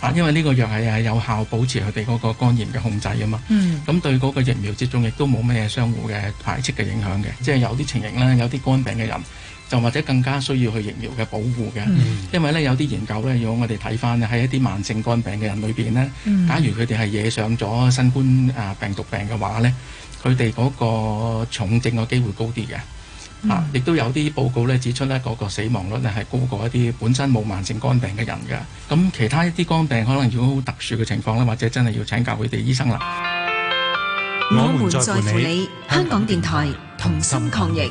啊，因為呢個藥係係有效保持佢哋嗰個肝炎嘅控制啊嘛，咁、嗯、對嗰個疫苗接種亦都冇咩相互嘅排斥嘅影響嘅，即、就、係、是、有啲情形咧，有啲肝病嘅人就或者更加需要去疫苗嘅保護嘅，嗯、因為咧有啲研究咧，如果我哋睇翻喺一啲慢性肝病嘅人裏邊咧，假如佢哋係惹上咗新冠啊病毒病嘅話咧，佢哋嗰個重症嘅機會高啲嘅。啊！亦都、嗯、有啲報告咧指出咧，嗰個死亡率咧係高過一啲本身冇慢性肝病嘅人嘅。咁其他一啲肝病，可能如果好特殊嘅情況咧，或者真係要請教佢哋醫生啦。我們在乎你，香港電台同心抗疫。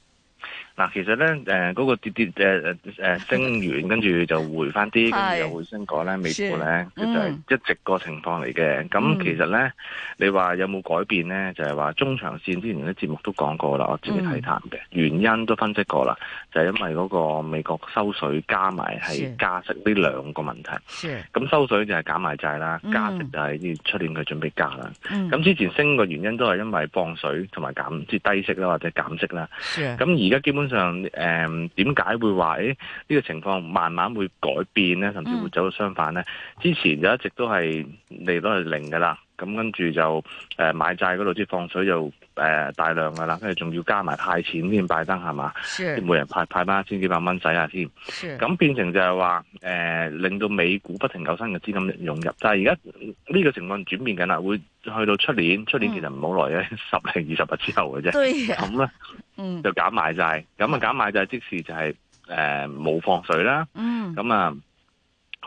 嗱，其實咧，誒、呃、嗰、那個跌跌誒誒升完，跟住就回翻啲，跟住是又回升過咧，美股咧、嗯，就係一直個情況嚟嘅。咁其實咧，你話有冇改變咧？就係話中長線，之前啲節目都講過啦，我自己睇淡嘅原因都分析過啦，就係、是、因為嗰個美國收水加埋係加息呢兩個問題。咁收水就係減買債啦，加息就係啲出年佢準備加啦。咁、嗯、之前升嘅原因都係因為放水同埋減即係低息啦，或者減息啦。咁而家基本通常誒，點解、嗯、會話誒呢個情況慢慢會改變咧，甚至會走到相反咧。嗯、之前就一直都係利率係零噶啦，咁跟住就誒、呃、買債嗰度先放水就。誒、呃，大量噶啦，跟住仲要加埋派錢添，拜登係嘛，啲是每人派派翻千幾百蚊使下添，咁是變成就係話，誒、呃、令到美股不停有新嘅資金融入，但係而家呢個情況轉變緊啦，會去到出年，出年其實唔好耐嘅，嗯、 十零二十日之後嘅啫，咁咧對，就減買債，咁啊、嗯、減買債即時就係、是，誒、呃、冇放水啦，咁、嗯、啊。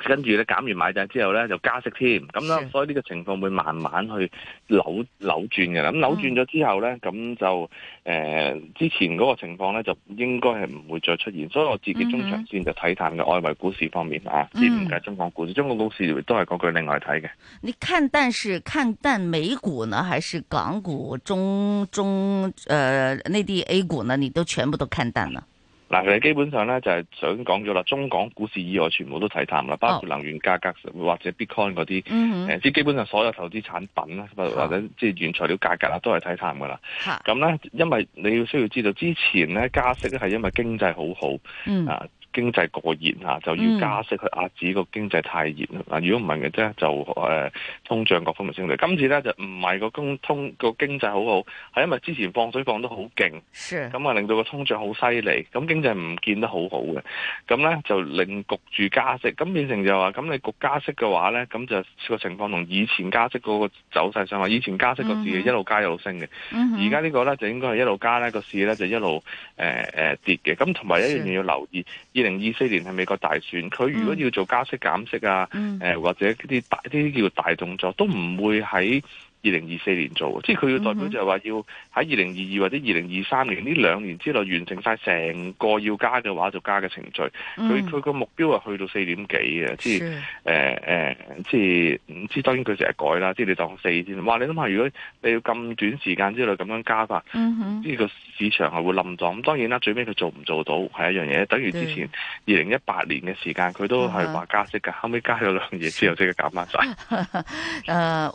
跟住咧減完買債之後咧就加息添，咁啦，是所以呢個情況會慢慢去扭扭轉嘅啦。咁扭轉咗之後咧，咁、嗯、就誒、呃、之前嗰個情況咧就應該係唔會再出現。所以我自己中長線就睇淡嘅外圍股市方面、嗯、啊，呢唔係中港股市，中港股市都係嗰句另外睇嘅。你看淡是看淡美股呢，還是港股中、中中誒內地 A 股呢？你都全部都看淡啦嗱，佢哋基本上咧就係、是、想講咗啦，中港股市以外全部都睇淡啦，包括能源價格、oh. 或者 Bitcoin 嗰啲，即、mm hmm. 呃、基本上所有投資產品啦，oh. 或者即係原材料價格都係睇淡噶啦。咁咧 Ha.，因為你要需要知道之前咧加息咧係因為經濟好好啊。Mm. 呃經濟過熱啊，就要加息去壓止個經濟太熱嗱，嗯、如果唔係嘅啫，就誒、呃、通脹各方面升嘅。今次咧就唔係個工通通個經濟好好，係因為之前放水放得好勁，咁啊是令到個通脹好犀利，咁經濟唔見得好好嘅，咁咧就令焗住加息，咁變成就話咁你焗加息嘅話咧，咁就個情況同以前加息嗰個走勢上話以前加息個市一路加一路升嘅，而家、嗯、哼呢個咧就應該係一路加咧、個市咧就一路誒、呃、跌嘅。咁同埋一樣嘢要留意，二零二四年係美國大選，佢如果要做加息、減息啊，誒、mm. 或者啲大啲叫大動作，都唔會喺。二零二四年做，即係佢要代表就係話要喺二零二二或者二零二三年呢兩年之內完成晒成個要加嘅話就加嘅程序。佢佢個目標係去到四點幾嘅，即係誒誒，即係唔知當然佢成日改啦。即係你當四先。哇！你諗下，如果你要咁短時間之內咁樣加法，呢、mm hmm. 個市場係會冧咗。咁當然啦，最尾佢做唔做到係一樣嘢，等於之前二零一八年嘅時間，佢都係話加息嘅，uh huh. 後尾加咗兩嘢之後，即係減翻晒。誒、huh. uh。Huh.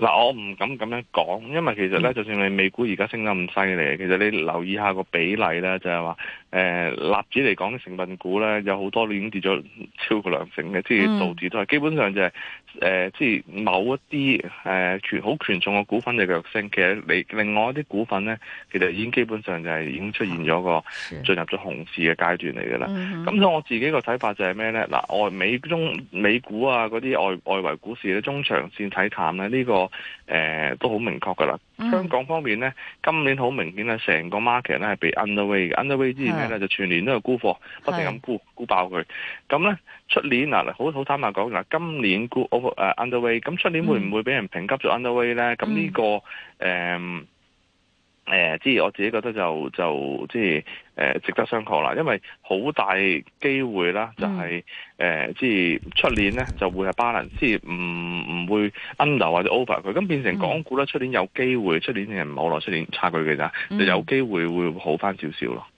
嗱，我唔敢咁樣講，因為其實咧，就算你美股而家升得咁犀利，其實你留意下個比例咧，就係、是、話，誒、呃，納指嚟講，成分股咧有好多已經跌咗超過兩成嘅，即係道指都係基本上就係、是。誒、呃，即係某一啲誒權好權重嘅股份嘅弱升，其實你另外一啲股份咧，其實已經基本上就係已經出現咗個進入咗熊市嘅階段嚟嘅啦。咁的所以我自己個睇法就係咩咧？嗱、呃，外美中美股啊，嗰啲外外圍股市咧，中長線睇淡咧，呢、呢個誒、呃、都好明確噶啦。嗯、香港方面咧，今年好明顯咧，成個 market 咧係被 underweight 嘅。underweight 之前咧就全年都有沽貨，不停咁沽是沽爆佢。咁咧出年，嗱好好坦白講，嗱今年沽 over、uh, underweight，咁出年會唔會俾人評級做 underweight 咧？咁呢、嗯呢個、嗯誒，即係、呃、我自己覺得就就即係誒，值得商榷啦。因為好大機會啦、就是，就係誒，即係出年咧就會係巴蘭，即係唔唔會 under 或者 over 佢，咁變成港股咧出、嗯、年有機會，出年係唔好耐出年差距嘅咋，就有機會會好返少少咯。嗯嗯。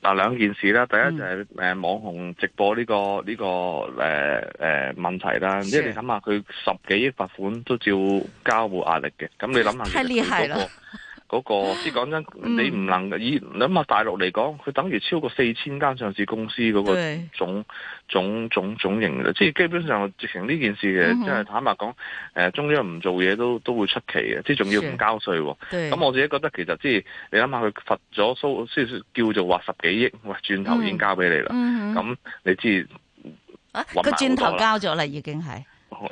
嗱，兩件事啦，第一就係誒網紅直播呢、這個呢、嗯這個誒誒、呃、問題啦，即係你諗下佢十幾億罰款都照交互壓力嘅，咁你諗下、嗰個、太厲害咯。 嗰、那個即係講真，你唔能、嗯、以你諗下大陸嚟講，佢等於超過四千間上市公司嗰個總對總總總盈利，即係基本上直情呢件事嘅、就是，即係、嗯、哼坦白講，中央唔做嘢都都會出奇嘅，即係仲要唔交稅喎。咁我自己覺得其實即係你諗下佢罰咗收，叫做話十幾億，喂轉頭已經交俾你啦。咁、嗯、哼你知，佢、啊啊、轉頭交咗啦，已經係。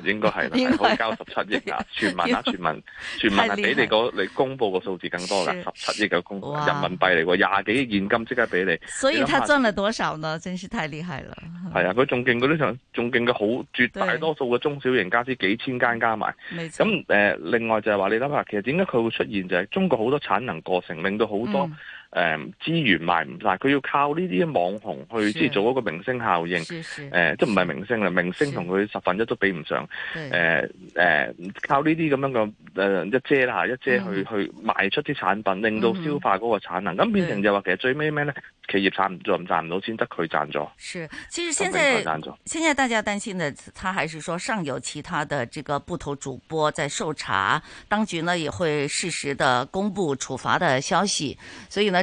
應該係啦，係可以交十七億啊！全民啊，全民，全民係俾你個你公布個數字更多噶，十七億嘅公人民幣嚟喎，廿幾億現金即刻俾你。所以他賺了多少呢？真是太厲害了。係啊，佢仲勁過呢場，仲勁過好絕大多數嘅中小型家私幾千間加埋。咁誒、呃，另外就係話你諗下，其實點解佢會出現？就係中國好多產能過剩，令到好多、嗯。誒資源賣唔晒，佢要靠呢啲網紅去即係做一個明星效應，誒即唔係明星啦，明星同佢十分一都比唔上，誒誒靠呢啲咁樣嘅誒一姐啦，一姐去去賣出啲產品，令到消化嗰個產能，咁變成就話其實最尾咩咧？企業賺仲賺唔到先得佢賺咗。是，其實現在現在大家擔心嘅，他還是說上游其他的這個部頭主播在受查，當局呢也會適時的公布處罰的消息，所以呢。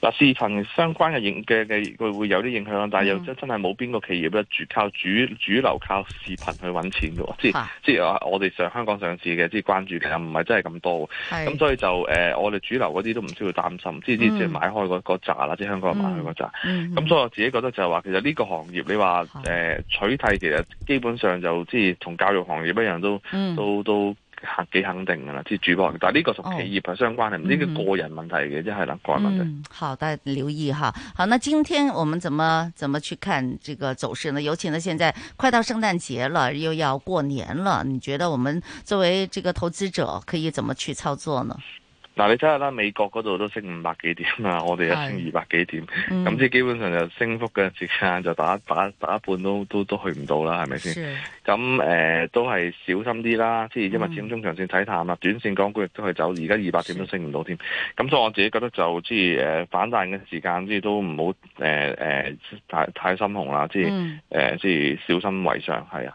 嗱，視頻相關嘅影嘅嘅佢會有啲影響，但係又真真係冇邊個企業咧，主靠主主流靠視頻去揾錢嘅喎，啊、即係即係我哋上香港上市嘅，即係關注其實，唔係真係咁多咁是所以就誒、呃，我哋主流嗰啲都唔需要擔心，嗯、即係即係買開嗰嗰扎啦，即係香港買開嗰扎。咁、嗯、所以我自己覺得就係話，其實呢個行業你話誒、呃、取締，其實基本上就即係同教育行業一樣都、嗯都，都都都。幾肯定噶啦，即係主播，但係呢個同企業係相關嘅，唔知、哦嗯、個個人問題嘅，即係啦個人問題、嗯。好，大家留意吓。好，那今天我們怎麼怎麼去看這個走勢呢？尤其呢，現在快到聖誕節了，又要過年了。你覺得我們作為這個投資者，可以怎麼去操作呢？嗱，但你睇下啦，美國嗰度都升五百幾點啊，我哋一升二百幾點，咁即、嗯、基本上就升幅嘅時間就打打一打一半都都都去唔到啦，係咪先？咁誒是、呃、都係小心啲啦，即係因為佔中長線睇淡啦，嗯、短線港股亦都係走，而家二百點都升唔到添。咁是所以我自己覺得就即係、呃、反彈嘅時間，即係都唔好誒太太心紅啦，即係即係小心為上，係啊。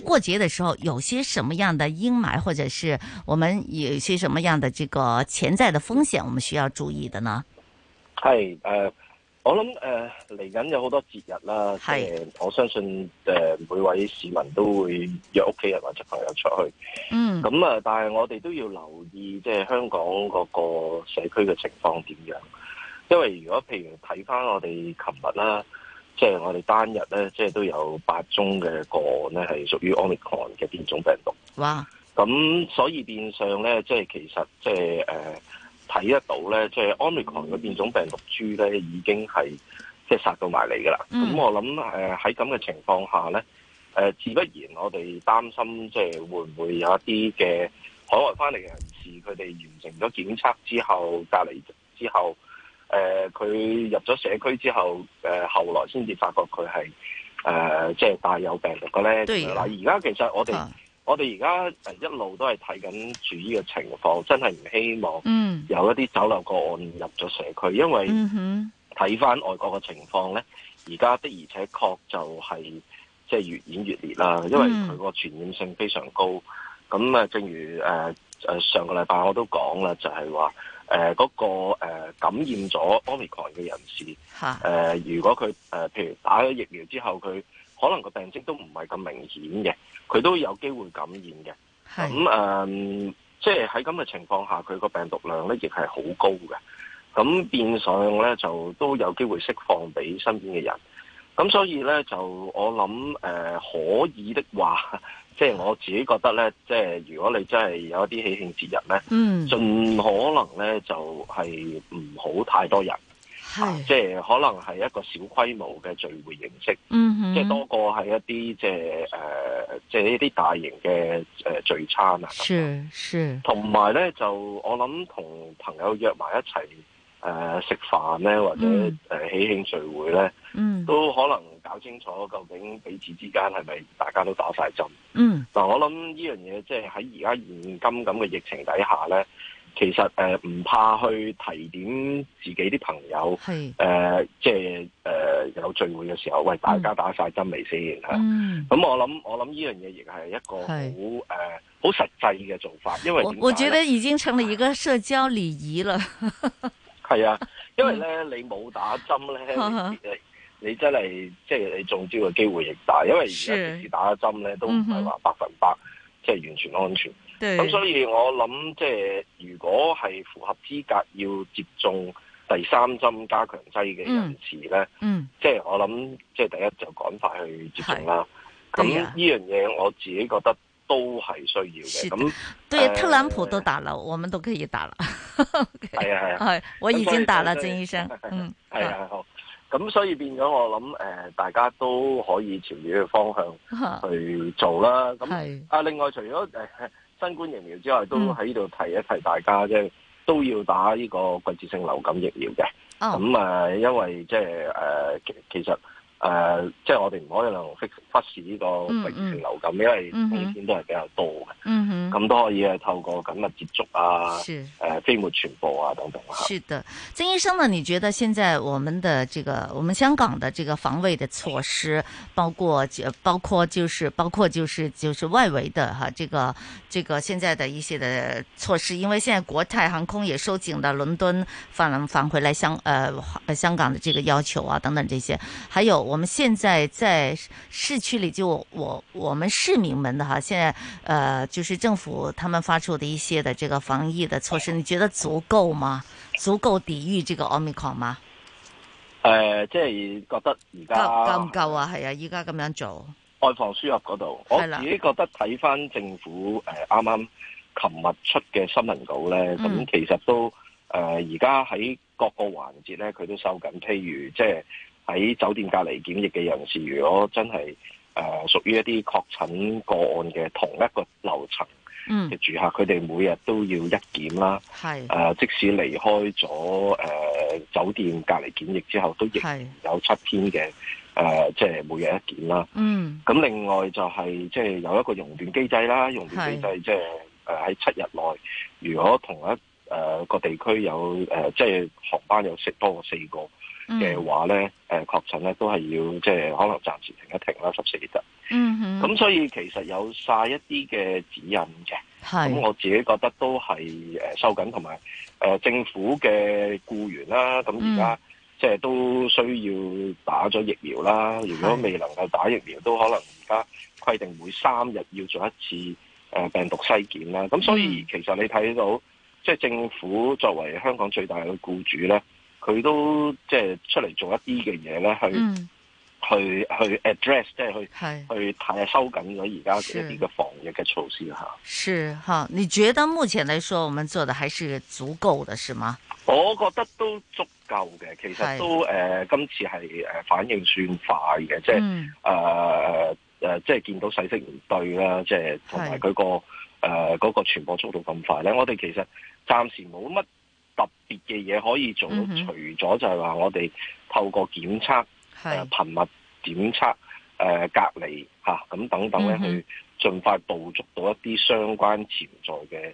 過節的時候，有些什麼樣的陰霾，或者是我們有些什麼樣的這個潛在的風險，我們需要注意的呢？係誒、呃，我諗誒嚟緊有好多節日啦，係、呃、即係我相信誒每位市民都會約屋企人或者朋友出去，嗯，咁啊，但係我哋都要留意，即係香港嗰個社區嘅情況點樣，因為如果譬如睇翻我哋琴日啦。即係我哋單日咧，即係都有八宗嘅個案咧，係屬於 Omicron 嘅變種病毒。哇！咁所以變相咧，即係其實即係誒睇得到咧，即係 Omicron 嘅變種病毒株咧，已經係即係殺到埋嚟噶啦。咁，嗯，我諗誒喺咁嘅情況下咧，誒自不然我哋擔心，即係會唔會有一啲嘅海外翻嚟嘅人士，佢哋完成咗檢測之後隔離之後。誒，佢、呃、入咗社區之後，誒、呃，後來先至發覺佢係誒，即係帶有病毒嘅咧。嗱的，而家、呃、其實我哋、啊、我哋而家誒一路都係睇緊住呢個情況，真係唔希望有一啲走漏個案入咗社區，嗯、因為睇翻、嗯、哼外國嘅情況咧，而家的而且確就係即係越演越烈啦，因為佢個傳染性非常高。咁啊，正如誒誒、呃呃、上個禮拜我都講啦，就係話。誒嗰、呃嗰個、呃、感染咗 Omicron 嘅人士，誒、呃、如果佢誒、呃、譬如打咗疫苗之後，佢可能個病徵都唔係咁明顯嘅，佢都有機會感染嘅。咁誒是、呃，即係喺咁嘅情況下，佢個病毒量咧亦係好高嘅，咁變相咧就都有機會釋放俾身邊嘅人。咁所以咧就我諗誒、呃、可以的話。即係我自己覺得咧，即係如果你真係有一啲喜慶節日咧，盡、嗯、可能咧就係唔好太多人，係啊、即係可能係一個小規模嘅聚會形式、嗯哼呃，即係多過係一啲即係誒，即係一啲大型嘅誒聚餐啊。係係，同埋咧就我諗同朋友約埋一齊。誒、呃，食飯咧，或者誒喜、嗯呃、慶聚會咧，都可能搞清楚究竟彼此之間係咪大家都打晒針？嗯，嗱，我諗呢樣嘢即係喺而家現今咁嘅疫情底下咧，其實誒唔、呃、怕去提點自己啲朋友，係誒是、呃、即係誒、呃、有聚會嘅時候，喂，大家打晒針未先吓？咁我諗我諗呢樣嘢亦係一個好誒好實際嘅做法，因為，我，為我覺得已經成為一個社交禮儀了。 係啊，因為咧、嗯、你冇打針咧，哈哈你真係即係你中招嘅機會亦大，因為而家即使打咗針咧，的都唔係話百分百、嗯、哼即係完全安全。咁對所以我諗即係如果係符合資格要接種第三針加強劑嘅人士咧，嗯、即係我諗、嗯、即係第一就趕快去接種啦。咁呢的樣嘢我自己覺得。都係需要嘅，咁對、呃、特朗普都打啦，我們都可以打啦。係啊係啊，係、嗯嗯，我已經打啦，鄭醫生。嗯，係啊，的的好。咁所以變咗我諗，誒、呃，大家都可以朝住呢個方向去做啦。咁係啊，另外除咗誒、呃、新冠疫苗之外，都喺呢度提一提大家，即係、嗯、都要打呢個季節性流感疫苗嘅。咁啊、哦嗯呃，因為即係誒，其實。呃即係我哋唔可以就忽忽視呢個疫流感，嗯嗯、因為風險都係比較多嘅、嗯。嗯哼，咁、嗯、都可以透過緊密接觸啊是、呃，飛沫傳播啊，等等吓是的，曾醫生呢？你覺得現在我們的、這個、我們香港的這個防衛的措施，包括的包括就是包括就是就是外圍的哈，這個這個、現在的一些的措施，因為現在國泰航空也收緊咗倫敦返返回來香，香港的這個要求啊，等等這些，還有。我們現在在市區裏，就我我們市民們的哈，現在，呃，就是政府他們發出的一些的這個防疫的措施，你覺得足夠嗎？足夠抵禦這個 Omicron 嗎？誒、呃，即係覺得而家夠唔夠，夠啊。係啊，依家咁樣做外防輸入嗰度，我自己覺得睇翻，政府誒、呃，啱啱琴日出嘅新聞稿咧，咁、嗯嗯、其實都誒、呃，而家喺各個環節咧，佢都收緊，譬如即係。喺酒店隔離檢疫嘅人士，如果真係誒、呃、屬於一啲確診個案嘅同一個樓層嘅住客，佢哋、嗯、每日都要一檢啦。是呃、即使離開咗誒、呃、酒店隔離檢疫之後，都仍然有七天嘅誒，即係是、呃就係、每日一檢啦。嗯。咁另外就係即係有一個熔斷機制啦，熔斷機制即係誒喺七日內，如果同一誒個、呃、地區有即係、呃就係、航班有四多過四個。嘅、嗯、話咧，確診咧都係要即係可能暫時停一停啦，十四日。嗯，咁哼所以其實有晒一啲嘅指引嘅。咁是我自己覺得都係收緊，同埋、呃、政府嘅僱員啦。咁而家即係都需要打咗疫苗啦。如果未能夠打疫苗，是都可能而家規定每三日要做一次、呃、病毒篩檢啦。咁所以、嗯、其實你睇到即係政府作為香港最大嘅僱主咧。佢都即係出嚟做一啲嘅嘢咧，去、嗯、去去 address，即係去是去睇下收緊咗而家一啲嘅防疫嘅措施吓。是哈，你覺得目前嚟說，我們做得還是足夠嘅，是嗎？我覺得都足夠嘅，其實都誒是、呃，今次係誒反應算快嘅、嗯呃呃，即係誒誒，即係見到細息唔對啦，即係同埋佢個誒嗰是、呃那個傳播速度咁快咧，我哋其實暫時冇乜。特別嘅嘢可以做到，除咗就係話我哋透過檢測、頻密檢測、誒隔離嚇咁等等咧，去盡快捕捉到一啲相關潛在嘅。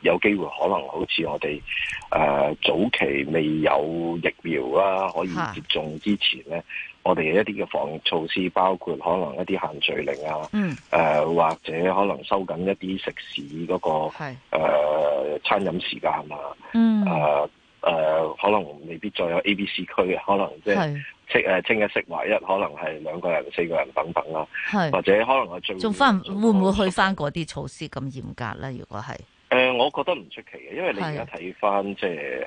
有機會可能好似我哋、呃、早期未有疫苗啦、啊，可以接種之前咧，是我哋一啲嘅防疫措施包括可能一啲限聚令啊、嗯呃，或者可能收緊一啲食肆嗰、那個是、呃、餐飲時間啊、嗯呃呃，可能未必再有 A、B、C 區嘅。可能即係清誒清一色一，唯一是可能係兩個人、四個人等等啦、啊，是或者可能我最仲翻會唔會去翻嗰啲措施咁嚴格咧？如果係。誒、呃，我覺得唔出奇嘅，因為你而家睇翻即係誒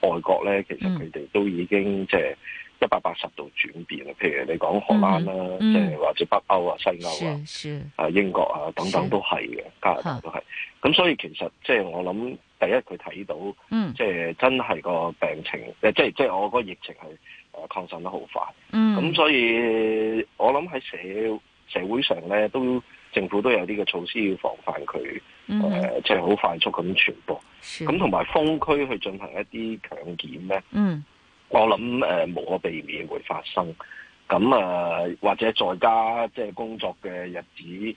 誒外國咧，其實佢哋都已經即係一百八十度轉變啦。譬如你講荷蘭啦、啊，即係、嗯嗯、或者北歐啊、西歐啊、啊英國啊等等都係嘅，是加拿大都係。咁是所以其實即係我諗，第一佢睇到即係真係個病情，即係即係我個疫情係誒擴散得好快。咁、嗯、所以我諗喺社社會上咧都。政府都有呢個措施要防範佢，誒、mm，即係好快速咁傳播。咁同埋封區去進行一啲強檢咧，mm hmm. 我諗誒、呃、無可避免會發生。咁啊、呃，或者在家即係、就是、工作嘅日子。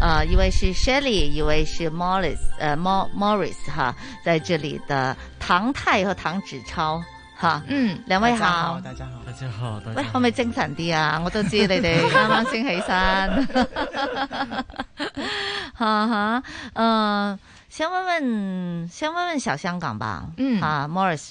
呃，一位是 Shelly，一位是 Morris，呃，Mor Morris 哈，在這裏的唐太和唐子超哈，嗯，兩位好，大家好，大家好，大家好，喂，可唔可以精神啲啊？我都知你哋啱啱先起身，哈哈，嗯，先問問，先問問小香港吧，嗯，啊，Morris。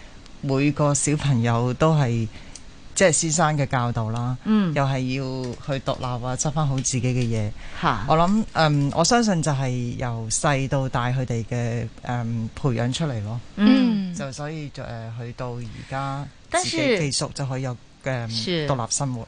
每個小朋友都係即係先生嘅教導啦，嗯，又係要去獨立啊，執翻好自己嘅嘢。嚇哈，我諗嗯，我相信就係由細到大佢哋嘅誒培養出嚟咯。嗯，就所以就誒去到而家是自己寄宿就可以有嘅、嗯、是獨立生活。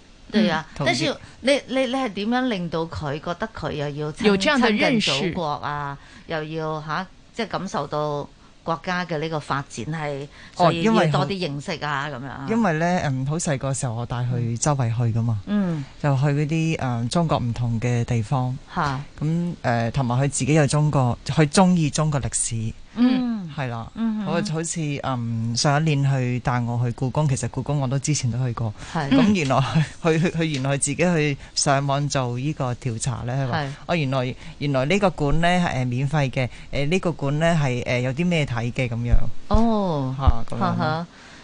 對啊，嗯、同但是你你你係點樣令到佢覺得佢又要親親近祖國啊？又要嚇即係感受到國家嘅呢個發展係，所以要多啲認識啊咁樣、哦。因為咧，嗯樣，好細個時候我帶佢周圍去噶嘛，嗯去，嗯，就去嗰啲誒中國唔同嘅地方，嚇咁誒，同埋佢自己又中國，佢中意中國歷史，嗯。係啦，嗯哼，我好似嗯上一年去帶我去故宮，其實故宮我都之前都去過，咁係原來去去去原來自己去上網做呢個調查咧，係話、哦、原來原來呢個館咧係免費嘅，誒呢個館咧係誒有啲咩睇嘅咁樣。哦，吓吓。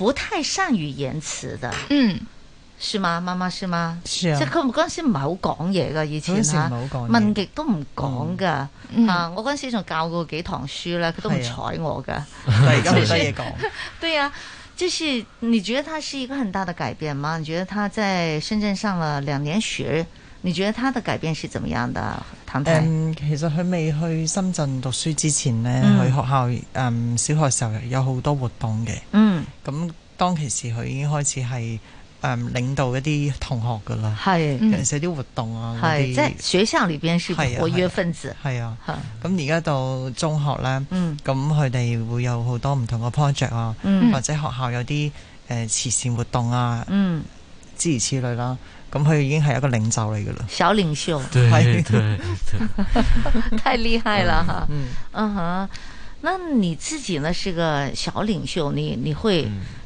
不太善於言辭的，嗯，是嗎？媽媽是嗎？是啊，即係佢嗰陣時唔係好講嘢噶，以前吓、啊、問極都唔講噶，嗯嗯、啊，我嗰陣時仲教過幾堂書啦，佢、嗯、都唔睬我噶，但係而家好多嘢講。對啊，就是你覺得他是一個很大的改變嗎？你覺得他在深圳上了兩年學？你覺得他的改變是怎麼樣的，唐太？嗯，其實佢未去深圳讀書之前咧，喺學校小學時候有好多活動嘅。嗯，咁當其時佢已經開始係誒領導一啲同學噶啦，係，有些啲活動啊，係，即係學校裏邊係活躍分子，係啊。咁而家到中學呢，咁佢哋會有好多唔同嘅 project 啊，或者學校有啲慈善活動啊，嗯，諸如此類啦。咁佢已經係一個領袖嚟嘅啦，小領袖，對，對對 太厲害啦！哈，嗯，哼、uh huh，那你自己呢？係個小領袖，你，你會。嗯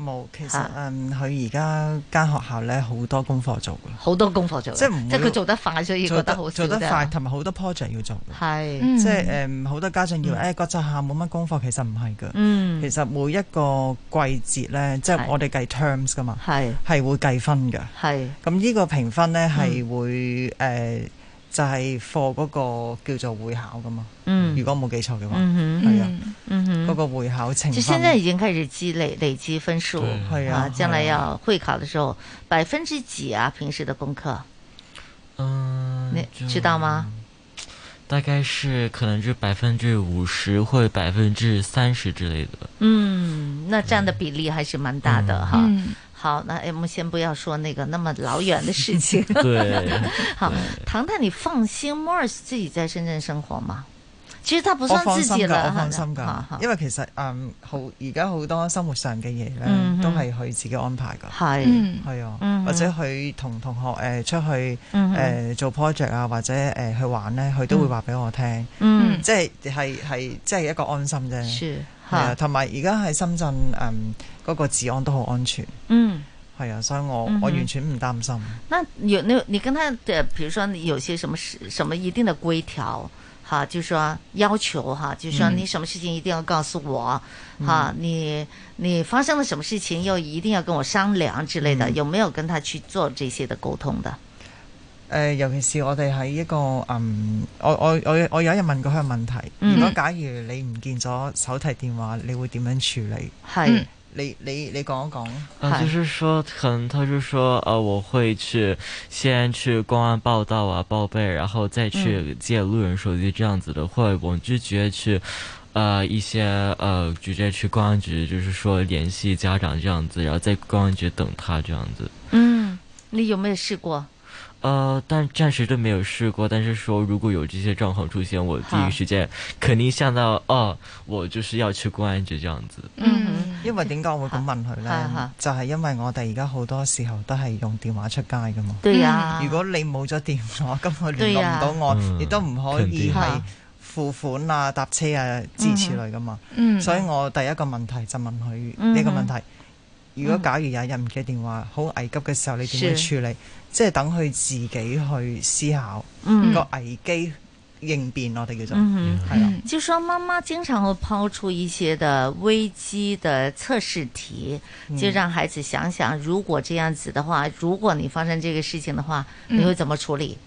冇，其實嗯，佢而家間學校咧好多功課做嘅，好多功課做，即係唔即係佢做得快，所以覺得好做得快，同埋好多 project 要做嘅，係即係誒好多家長要誒國際學校冇乜功課，其實唔係嘅，嗯，其實每一個季節咧，即係我哋計 terms 噶嘛，係係會計分嘅，係咁呢個評分咧係會誒。就係課嗰個叫做會考噶嘛，嗯、如果冇記錯嘅話，係、嗯、啊，嗰、嗯、個會考情況就現在已經開始積累累積分數，對啊，啊啊將來要會考嘅時候，百分之幾啊？平時的功課，嗯、呃，你知道嗎？大概是可能就百分之五十或百分之三十之類的。嗯，那佔的比例還是蠻大嘅，嗯、哈。嗯好，那誒，我先不要說那個那麼老遠的事情。 對，好，對唐太你放心，Morris 自己在深圳生活嘛？其實他不算自己啦，我放心噶，因為其實誒、嗯，好而家好多生活上嘅嘢咧，都係佢自己安排噶。係，係啊，或者佢同同學誒出去誒做 project 啊，或者誒去玩咧，佢都會話俾我聽。嗯哼，即係係係即係一個安心啫。係啊，同埋而家喺深圳，嗯，嗰、那個、治安都好安全。嗯，係啊，所以我、嗯、哼我完全唔擔心。那有你你跟他，的，比如說，有些什麼什麼一定的規條，哈、啊，就說要求，哈、啊，就說你什麼事情一定要告訴我，哈、嗯啊，你你發生了什麼事情又一定要跟我商量之類的，嗯、有沒有跟他去做這些的溝通的？誒、呃，尤其是我哋喺一個嗯，我我我，我有一日問過佢個問題，嗯、哼如果假如你唔見咗手提電話，你會點樣處理？係是、嗯、你你你講一講、呃、就是說可能佢就說，啊、呃，我會去先去公安報到啊，報備，然後再去借路人手機，這樣子的，或者、嗯、我就直接去、呃、一些呃直接去公安局，就是說聯繫家長這樣子，然後在公安局等他這樣子。嗯，你有冇有試過？呃，但暫時都沒有試過。但是說如果有這些狀況出現，我第一時間肯定想到，哦，我就是要去公安局這樣子。嗯，因為點解我會咁問佢呢？就係因為我哋而家好多時候都係用電話出街噶嘛。對啊，如果你冇咗電話，咁我聯絡唔到我，亦都唔可以係付款啊、搭車啊、支持類噶嘛。所以我第一個問題就問佢呢個問題。如果假如有人嘅電話好危急嘅時候，你點樣處理？即係等佢自己去思考，個危機應變，嗯、我哋叫做係啦。就說媽媽經常會拋出一些的危機的測試題，嗯、就讓孩子想想，如果這樣子的話，如果你發生這個事情的話，你會怎麼處理？嗯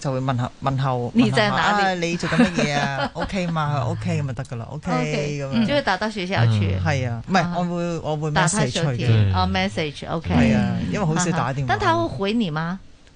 就會問候問候，問下你就哪裏？啊、你做緊乜嘢啊？OK 嘛，OK 咁咪得噶啦，OK 咁樣。就會打到學校去。係、uh huh. 啊，唔係、uh huh. 我會我會 message 啊，message OK、uh。係、huh. uh huh. 啊，因為好少打電話。但、uh huh. 佢會回你嗎？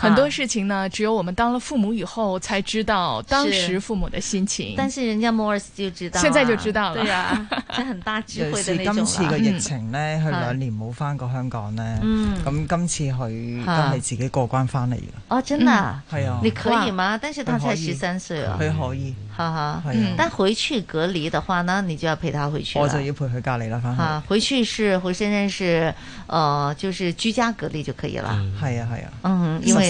很多事情呢，只有我們當了父母以後才知道當時父母的心情。但是人家摩爾斯就知道。現在就知道了。對啊，這很大智慧的那種。尤其今次的疫情呢，佢兩年冇翻過香港咧，咁今次佢都係自己過關翻嚟嘅哦，真的啊，你可以嗎？但是他才十三歲啊。佢可以。哈哈。但回去隔離的話呢，你就要陪他回去。我就要陪佢隔離啦，哈。啊，回去是回深圳是，呃，就是居家隔離就可以了。係啊，係啊。嗯，因為。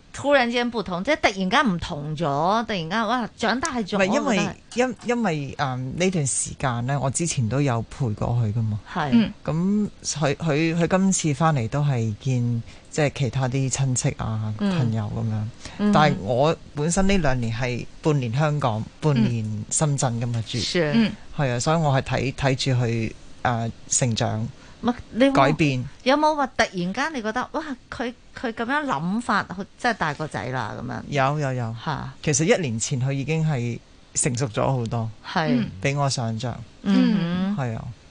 突然之間不同，即係突然間唔同咗，突然間哇，長大咗。唔係因為因因為誒呢、呃、段時間咧，我之前都有陪過佢噶嘛。係是，咁佢佢佢今次翻嚟都係見即係其他啲親戚啊朋友咁樣。嗯、但係我本身呢兩年係半年香港、嗯、半年深圳噶嘛住。係啊是，是所以我係睇睇住佢誒成長。唔，你有冇改變？有冇話突然間你覺得哇？佢佢咁樣諗法，即真係大個仔啦咁樣。有有有嚇，係，其實一年前佢已經係成熟咗好多，係，嗯，比我想象，嗯，係啊。